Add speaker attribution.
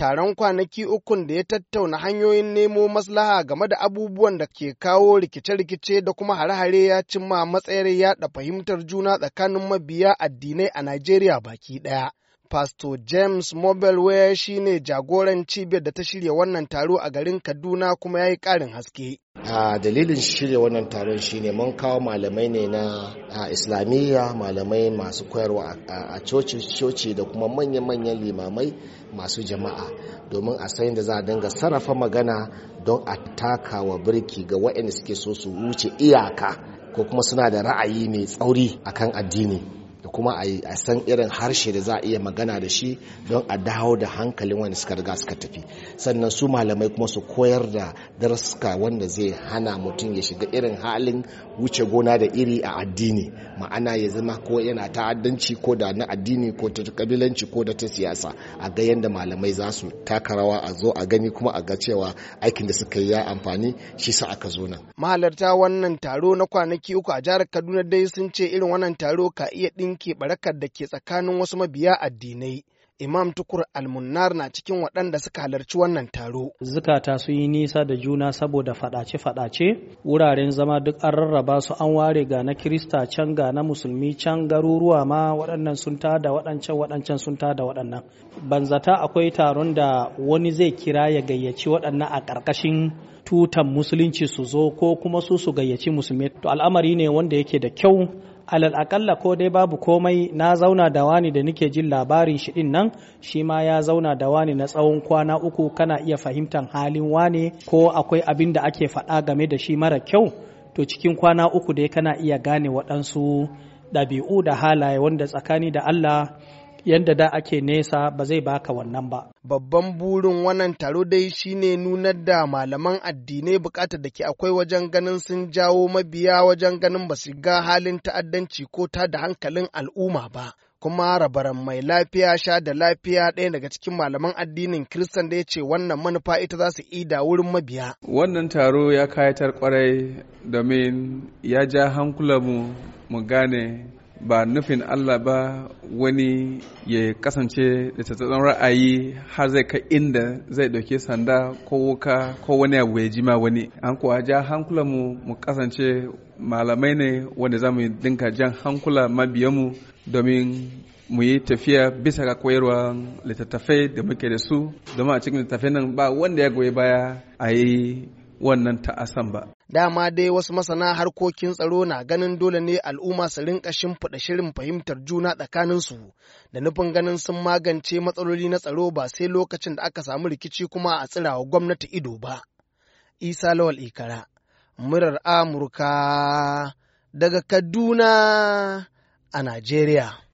Speaker 1: taron kwanaki ukun da ya tattauna hanyoyin nemo maslaha game da abubuwan da ke kawo rikice-rikice da kuma hare-hare ya cimma matsayar yaɗa fahimtar juna tsakanin mabiya addinai a Najeriya baki ɗaya. Pastor James Mobelware shi ne jagoran cibiyar da ta shirya wannan taro a garin Kaduna kuma ya yi ƙarin haske.
Speaker 2: a dalilin shirya wannan taron shine mun kawo malamai ne na islamiyya malamai masu koyarwa a coci coci da kuma manya-manyan limamai masu jama'a domin a sayin da za a dinga sarrafa magana don a taka wa birki ga waɗanda suke so su wuce iyaka ko kuma suna da ra'ayi mai tsauri akan addini kuma a san irin harshe da za a iya magana da shi don a dawo da hankalin wani suka riga suka tafi sannan su malamai kuma su koyar da darsuka wanda zai hana mutum ya shiga irin halin wuce gona da iri a addini ma'ana ya zama ko yana ta'addanci ko da na addini ko ta kabilanci ko da ta siyasa a ga yadda malamai za su taka rawa a zo a gani kuma a ga cewa aikin da suka yi ya amfani shi sa aka zo nan
Speaker 1: mahalarta wannan taro na kwanaki uku a jihar kaduna dai sun ce irin wannan taro ka iya din ɗauke barakar da ke tsakanin wasu mabiya addinai. Imam Tukur Almunnar na cikin waɗanda suka halarci wannan taro.
Speaker 3: Zukata su yi nisa da juna saboda faɗace-faɗace, wuraren zama duk an rarraba su an ware ga na Kirista can ga na Musulmi can garuruwa ma waɗannan sun tada waɗancan waɗancan sun tada waɗannan. Banzata akwai taron da wani zai kira ya gayyaci waɗannan a ƙarƙashin tutan musulunci su zo ko kuma su su gayyaci musulmi. To al'amari ne wanda yake da kyau alal akalla ko dai babu komai na zauna da wani da nike jin labarin shi din nan shi ma ya zauna da wani na tsawon kwana uku kana iya fahimtar halin wane ko akwai abin da ake faɗa game da shi mara kyau to cikin kwana uku dai kana iya gane waɗansu ɗabi'u da halaye wanda tsakani da Allah yadda da ake nesa ba zai baka wannan ba.
Speaker 1: Babban burin wannan taro dai shine nunar da malaman addinai bukatar da ke akwai wajen ganin sun jawo mabiya wajen ganin ba su ga halin ta'addanci ko ta da hankalin al'umma ba. kuma rabaran mai lafiya sha da lafiya ɗaya daga cikin malaman addinin Kirista da ya ce wannan manufa ita za su ida wurin mabiya.
Speaker 4: Wannan taro ya kayatar kwarai domin ya ja hankulanmu mu gane ba nufin Allah ba wani ya kasance da tattalin ra'ayi har zai ka inda zai dauke sanda ko wuka ko wani abu ya ma wani an kuwa ja hankulanmu mu kasance malamai ne wanda za mu dinka jan hankula mabiyanmu domin mu yi tafiya bisa ga koyarwa littattafai da muke da su domin a cikin littattafai nan ba wanda ya goyi baya a yi wannan ta'asan ba
Speaker 1: Dama dai wasu masana harkokin tsaro na ganin dole ne al'umma su rinka shimfiɗa shirin fahimtar juna tsakaninsu da nufin ganin sun magance matsaloli na tsaro ba sai lokacin da aka samu rikici kuma a tsirawa gwamnati ido ba. Isa Lawal Ikara, murar Amurka daga Kaduna a Najeriya.